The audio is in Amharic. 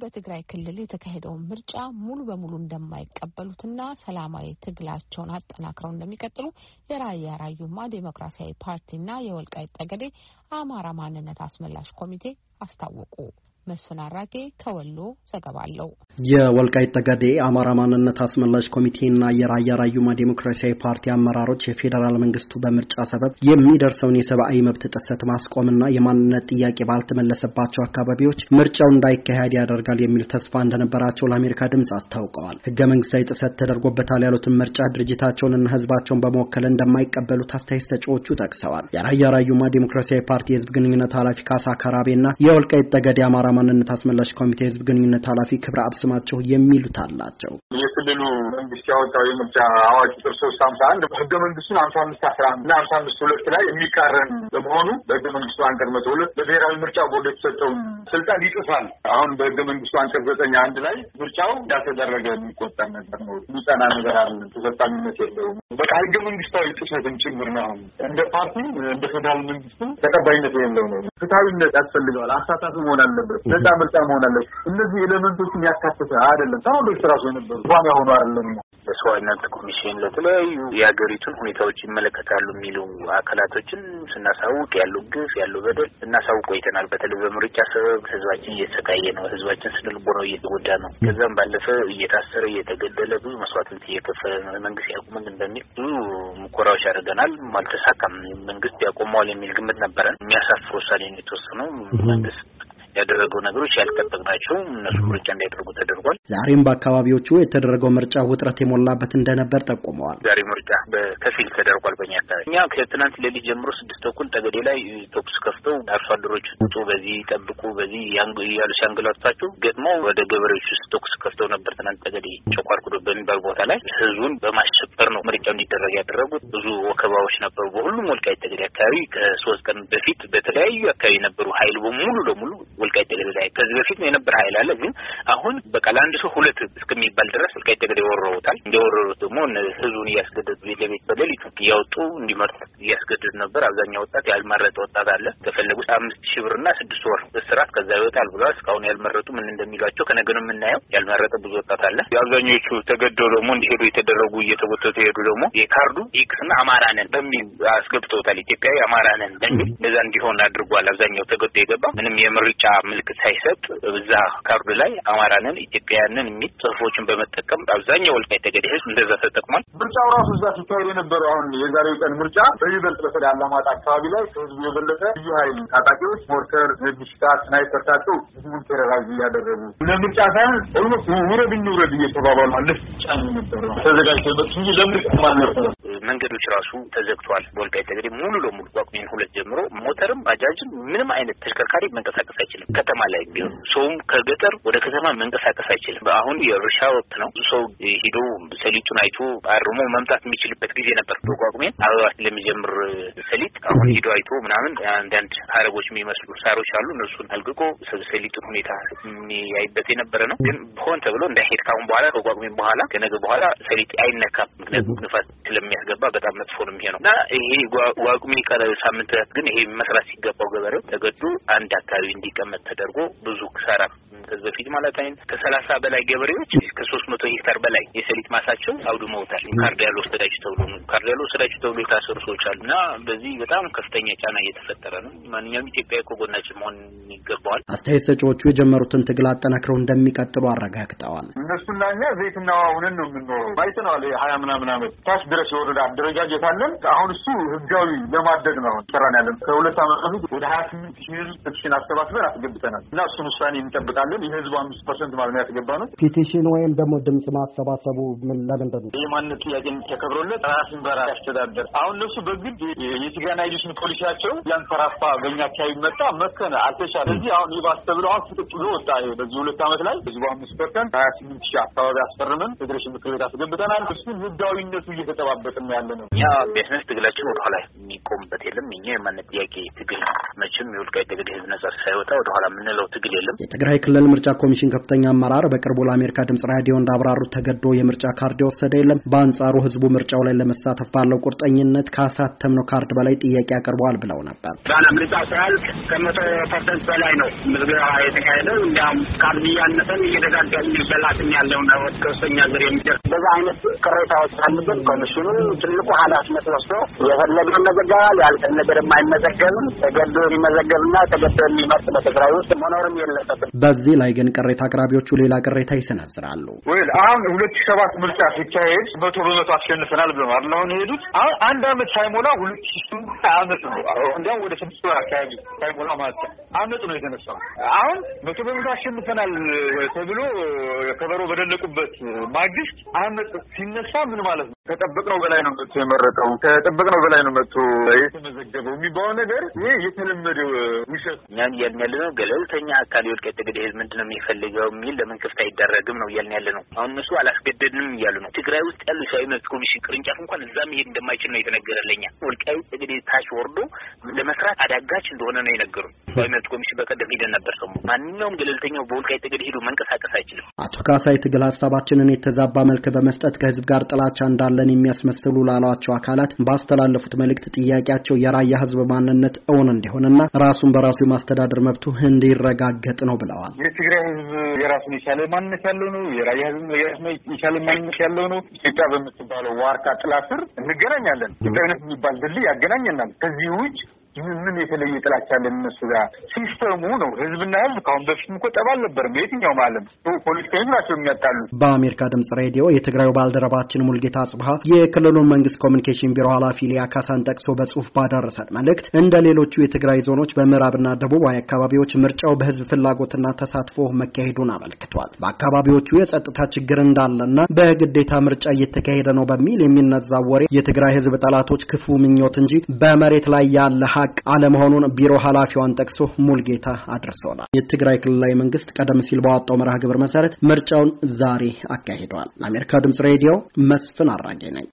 በትግራይ ክልል የተካሄደውን ምርጫ ሙሉ በሙሉ እንደማይቀበሉትና ሰላማዊ ትግላቸውን አጠናክረው እንደሚቀጥሉ የራያ ራዩማ ዴሞክራሲያዊ ፓርቲና የወልቃይት ጠገዴ አማራ ማንነት አስመላሽ ኮሚቴ አስታወቁ። መስፍን አራጌ ከወሎ ዘገባ አለው። የወልቃይት ጠገዴ የአማራ ማንነት አስመላሽ ኮሚቴና የራያ ራዩማ ዴሞክራሲያዊ ፓርቲ አመራሮች የፌዴራል መንግስቱ በምርጫ ሰበብ የሚደርሰውን የሰብአዊ መብት ጥሰት ማስቆምና የማንነት ጥያቄ ባልተመለሰባቸው አካባቢዎች ምርጫው እንዳይካሄድ ያደርጋል የሚል ተስፋ እንደነበራቸው ለአሜሪካ ድምፅ አስታውቀዋል። ህገ መንግስታዊ ጥሰት ተደርጎበታል ያሉትን ምርጫ ድርጅታቸውንና ህዝባቸውን በመወከል እንደማይቀበሉት አስተያየት ሰጪዎቹ ጠቅሰዋል። የራያ ራዩማ ዴሞክራሲያዊ ፓርቲ የህዝብ ግንኙነት ኃላፊ ካሳ ከራቤና የወልቃይት ጠገዴ የአማራ ማንነት አስመላሽ ኮሚቴ የህዝብ ግንኙነት ኃላፊ ክብረ ስማቸው የሚሉት አላቸው። የክልሉ መንግስት ያወጣው የምርጫ አዋጅ ቁጥር ሶስት ሀምሳ አንድ ህገ መንግስቱን ሀምሳ አምስት አስራ አንድ እና ሀምሳ አምስት ሁለት ላይ የሚቃረን በመሆኑ በህገ መንግስቱ አንቀር መቶ ሁለት በብሔራዊ ምርጫ ቦርድ የተሰጠውን ስልጣን ይጥሳል። አሁን በህገ መንግስቱ አንቀር ዘጠኝ አንድ ላይ ምርጫው እንዳተደረገ የሚቆጠር ነገር ነው። ሚጸና ነገር አለ። ተፈጻሚነት የለውም። በቃ ህገ መንግስታዊ ጥሰትም ጭምር ነው። አሁን እንደ ፓርቲ እንደ ፌዴራል መንግስትም ተቀባይነት የለው ነው። ፍትሐዊነት ያስፈልገዋል። አሳታፊ መሆን አለበት። ነጻ ምርጫ መሆን አለበት። እነዚህ ኤሌመንቶችን ያካ ያካተተ አይደለም። ተወላጆች ራሱ የነበሩ ቋሚ የሆኑ አይደለም። ለሰብአዊነት ኮሚሽን ለተለያዩ የሀገሪቱን ሁኔታዎች ይመለከታሉ የሚሉ አካላቶችን ስናሳውቅ ያለው ግፍ ያለው በደል እናሳውቅ ቆይተናል። በተለይ በምርጫ ሰበብ ህዝባችን እየተሰቃየ ነው። ህዝባችን ስንልቦ ነው እየተጎዳ ነው። ከዛም ባለፈ እየታሰረ እየተገደለ ብዙ መስዋዕትነት እየከፈለ ነው። መንግስት ያቁምን እንደሚል ብዙ ሙከራዎች አድርገናል። አልተሳካም። መንግስት ያቆመዋል የሚል ግምት ነበረን። የሚያሳፍር ውሳኔ ነው የተወሰነው መንግስት ያደረገው ነገሮች ያልጠበቅናቸው እነሱ ምርጫ እንዳያደርጉ ተደርጓል። ዛሬም በአካባቢዎቹ የተደረገው ምርጫ ውጥረት የሞላበት እንደነበር ጠቁመዋል። ዛሬ ምርጫ በከፊል ተደርጓል። በኛ አካባቢ እኛ ከትናንት ሌሊት ጀምሮ ስድስት ተኩል ጠገዴ ላይ ተኩስ ከፍተው አርሶ አደሮች ውጡ፣ በዚህ ጠብቁ፣ በዚህ እያሉ ሲያንገላቱታቸው ገጥመው ወደ ገበሬዎች ውስጥ ተኩስ ከፍተው ነበር። ትናንት ጠገዴ ጨቋርኩዶ በሚባል ቦታ ላይ ህዝቡን በማሸበር ነው ምርጫው እንዲደረግ ያደረጉት። ብዙ ወከባዎች ነበሩ። በሁሉም ወልቃይት ጠገዴ አካባቢ ከሶስት ቀን በፊት በተለያዩ አካባቢ የነበሩ ሀይል በሙሉ ለሙሉ ወልቃይት ጠገዴ ላይ ከዚህ በፊት የነበረ ኃይል አለ። ግን አሁን በቃል አንድ ሰው ሁለት እስከሚባል ድረስ ወልቃይት ጠገዴ ወረውታል። እንደወረሩት ደግሞ ህዝቡን እያስገደዱ ቤት ለቤት በሌሊቱ እያወጡ እንዲመርጡ እያስገደዱ ነበር። አብዛኛው ወጣት ያልመረጠ ወጣት አለ። ከፈለጉ አምስት ሺህ ብርና ስድስት ወር እስራት ከዛ ይወጣል ብለዋል። እስካሁን ያልመረጡ ምን እንደሚሏቸው ከነገ ነው የምናየው። ያልመረጠ ብዙ ወጣት አለ። የአብዛኞቹ ተገደው ደግሞ እንዲሄዱ የተደረጉ እየተጎተቱ ሄዱ። ደግሞ የካርዱ ኤክስ እና አማራ ነን በሚል አስገብተውታል። ኢትዮጵያዊ አማራ ነን በሚል እንደዛ እንዲሆን አድርጓል። አብዛኛው ተገዶ የገባ ምንም የምርጫ የአማራ ምልክ ሳይሰጥ እዛ ካርዱ ላይ አማራንን ኢትዮጵያውያንን የሚል ጽሁፎችን በመጠቀም አብዛኛው ወልቃይት ጠገዴ ህዝብ እንደዛ ተጠቅሟል። ምርጫው ራሱ እዛ ሲካሄድ የነበረው አሁን የዛሬው ቀን ምርጫ በይበልጥ በተለይ አላማጣ አካባቢ ላይ ከህዝቡ የበለጠ ልዩ ኃይል ታጣቂዎች ሞርተር፣ ሽታ፣ ስናይፐር ታጠው ህዝቡን ቴሮራይዝ እያደረጉ ለምርጫ ሳይሆን ኦልሞስት ውረድ ውረድ እየተባባሉ አለፍ ጫ ነበረ ተዘጋጅተበት እንጂ ለምርጫ ማልነበረ መንገዶች ራሱ ተዘግቷል። በወልቃይት ጠገዴ ሙሉ ለሙሉ ቋቁሜን ሁለት ጀምሮ ሞተርም ባጃጅም ምንም አይነት ተሽከርካሪ መንቀሳቀስ አይችልም። ከተማ ላይ ቢሆን ሰውም ከገጠር ወደ ከተማ መንቀሳቀስ አይችልም። አሁን የእርሻ ወቅት ነው። ሰው ሂዶ ሰሊጡን አይቶ አርሞ መምጣት የሚችልበት ጊዜ ነበር። በቋቁሜን አበባ ስለሚጀምር ሰሊጥ አሁን ሂዶ አይቶ ምናምን አንዳንድ አረቦች የሚመስሉ ሳሮች አሉ። እነሱን አልግቆ ሰሊጡን ሁኔታ የሚያይበት የነበረ ነው። ግን ሆን ተብሎ እንዳይሄድ ካሁን በኋላ ከቋቁሜን በኋላ ከነገ በኋላ ሰሊጥ አይነካም። ምክንያቱም ንፋስ ስለሚያስገ ሲገባ በጣም መጥፎ ነው የሚሆነው እና ይሄ ዋቁሚ ቀረ ሳምንት ግን ይሄ መስራት ሲገባው ገበሬው ተገዱ አንድ አካባቢ እንዲቀመጥ ተደርጎ ብዙ በፊት ማለት አይነት ከሰላሳ በላይ ገበሬዎች ከሶስት መቶ ሄክታር በላይ የሰሊጥ ማሳቸው አውድመውታል። ካርዲያሎ ወሰዳችሁ ተብሎ ነው ካርዲያሎ ወሰዳችሁ ተብሎ የታሰሩ ሰዎች አሉ እና በዚህ በጣም ከፍተኛ ጫና እየተፈጠረ ነው። ማንኛውም ኢትዮጵያ ከጎናችን መሆን ይገባዋል። አስተያየት ሰጪዎቹ የጀመሩትን ትግል አጠናክረው እንደሚቀጥሉ አረጋግጠዋል። እነሱና እኛ ዘይትና ውሃውን ነው የምንኖረው። አይተነዋል። ሀያ ምናምን አመት ታች ድረስ የወረደ አደረጃጀት አለን። አሁን እሱ ህጋዊ ለማደግ ነው አሁን ሰራን ያለን ከሁለት አመት ዓመት ወደ ሀያ ስምንት ሺህ ህዝብ ትሽን አሰባስበን አስገብተናል እና እሱን ውሳኔ እንጠብቃለን። ይህ ህዝቡ አምስት ፐርሰንት ማለት ያስገባ ነው። ፒቲሽን ወይም ደግሞ ድምጽ ማሰባሰቡ ምን ለምንድን ነው? የማንነት ጥያቄ ተከብሮለት ራስን በራስ ያስተዳደር። አሁን እነሱ በግድ የሲጋናይዜሽን ፖሊሲያቸው ያንፈራፋ በኛ አካባቢ መጣ መከነ አልተሻለ። እዚህ አሁን ይባስ ተብሎ አሁን ፍጥጥ ብሎ ወጣ። በዚህ ሁለት ዓመት ላይ ህዝቡ አምስት ፐርሰንት ሀያ ስምንት ሺህ አካባቢ አስፈርመን ፌዴሬሽን ምክር ቤት አስገብተናል። እሱን ህጋዊነቱ እየተጠባበቅን ያለ ነው። እኛ ቢያንስ ትግላችን ወደኋላ የሚቆምበት የለም። እኛ የማንነት ጥያቄ ትግል መቼም የወልቃይት ጠገዴ ህዝብ ነጻ ሳይወጣ ወደኋላ የምንለው ትግል የለም። የትግራይ ክልል ምርጫ ኮሚሽን ከፍተኛ አመራር በቅርቡ ለአሜሪካ ድምጽ ራዲዮ እንዳብራሩት ተገዶ የምርጫ ካርድ የወሰደ የለም። በአንጻሩ ህዝቡ ምርጫው ላይ ለመሳተፍ ባለው ቁርጠኝነት ካሳተምነው ካርድ በላይ ጥያቄ አቅርበዋል ብለው ነበር። ዛና ምርጫ ሲያልቅ ከመቶ ፐርሰንት በላይ ነው ምዝገባ የተካሄደው። እንዲያውም ካርድ እያነሰን እየደጋጋ የሚበላትን ያለው ነው ከሶስተኛ ዘር የሚደርስ በዛ አይነት ቅሬታዎች አሉብን። ኮሚሽኑ ትልቁ ኃላፊነት ወስዶ የፈለገ መዘገባል ያልቀን ነገር የማይመዘገብም ተገዶ የሚመዘገብና ተገዶ የሚመርጥ በትግራይ ውስጥ መኖርም የለበትም። በዚህ ላይ ግን ግን ቅሬታ አቅራቢዎቹ ሌላ ቅሬታ ይሰናዝራሉ። ይሰነዝራሉ። አሁን ሁለት ሺህ ሰባት ምርጫ ሲካሄድ መቶ በመቶ አሸንፈናል ብለዋል። አሁን የሄዱት አሁን አንድ አመት ሳይሞላ ሁለት ሺህ ስምንት አመት ነው። እንዲያውም ወደ ስድስት ወር አካባቢ ሳይሞላ ማለት ነው አመጡ ነው የተነሳው። አሁን መቶ በመቶ አሸንፈናል ተብሎ ከበሮ በደለቁበት ማግስት አመፅ ሲነሳ ምን ማለት ነው? ከጠበቅነው በላይ ነው መጥቶ የመረጠው ከጠበቅነው በላይ ነው መጥቶ የተመዘገበው የሚባለው ነገር ይህ የተለመደው ውሸት። እኛም እያልን ያለ ነው ገለልተኛ አካል የወልቃይት ጠገዴ ህዝብ ምንድን ነው የሚፈልገው የሚል ለምን ክፍት አይደረግም ነው እያልን ያለ ነው። አሁን እነሱ አላስገደድንም እያሉ ነው። ትግራይ ውስጥ ያሉ ሰብዓዊ መብት ኮሚሽን ቅርንጫፍ እንኳን እዛ መሄድ እንደማይችል ነው የተነገረለኛ። ወልቃይት ጠገዴ ታች ወርዶ ለመስራት አዳጋች እንደሆነ ነው የነገሩን። ጉዳዮች ኮሚሽን በቀደም ሂደን ነበር። ሰሙ ማንኛውም ገለልተኛው በወልቃይት ጠገዴ ሄዶ መንቀሳቀስ አይችልም። አቶ ካሳይ ትግል ሀሳባችንን የተዛባ መልክ በመስጠት ከህዝብ ጋር ጥላቻ እንዳለን የሚያስመስሉ ላሏቸው አካላት ባስተላለፉት መልእክት ጥያቄያቸው የራያ ህዝብ ማንነት እውን እንዲሆንና ራሱን በራሱ የማስተዳደር መብቱ እንዲረጋገጥ ነው ብለዋል። የትግራይ ህዝብ የራሱን የቻለ ማንነት ያለው ነው። የራያ ህዝብ የራሱን የቻለ ማንነት ያለው ነው። ኢትዮጵያ በምትባለው ዋርካ ጥላ ስር እንገናኛለን። ኢትዮጵያዊነት የሚባል ድልድይ ያገናኘናል። ከዚህ ውጭ ምን የተለየ ጥላቻ አለ እነሱ ጋር? ሲስተሙ ነው። ህዝብና ህዝብ ከአሁን በፊት እኮ ጠብ አልነበረም። በየትኛውም ዓለም ፖለቲከኞች ናቸው የሚያጣሉ። በአሜሪካ ድምጽ ሬዲዮ የትግራዩ ባልደረባችን ሙልጌታ አጽብሃ የክልሉን መንግስት ኮሚኒኬሽን ቢሮ ኃላፊ ሊያ ካሳን ጠቅሶ በጽሁፍ ባደረሰን መልእክት እንደ ሌሎቹ የትግራይ ዞኖች በምዕራብና ደቡባዊ አካባቢዎች ምርጫው በህዝብ ፍላጎትና ተሳትፎ መካሄዱን አመልክቷል። በአካባቢዎቹ የጸጥታ ችግር እንዳለና በግዴታ ምርጫ እየተካሄደ ነው በሚል የሚነዛው ወሬ የትግራይ ህዝብ ጠላቶች ክፉ ምኞት እንጂ በመሬት ላይ ያለ ሀቅ አለመሆኑን ቢሮ ኃላፊዋን ጠቅሶ ሙልጌታ አድርሰውናል። የትግራይ ክልላዊ መንግስት ቀደም ሲል በዋጣው መርሃ ግብር መሰረት ምርጫውን ዛሬ አካሂደዋል። ለአሜሪካ ድምጽ ሬዲዮ መስፍን አራጌ ነኝ።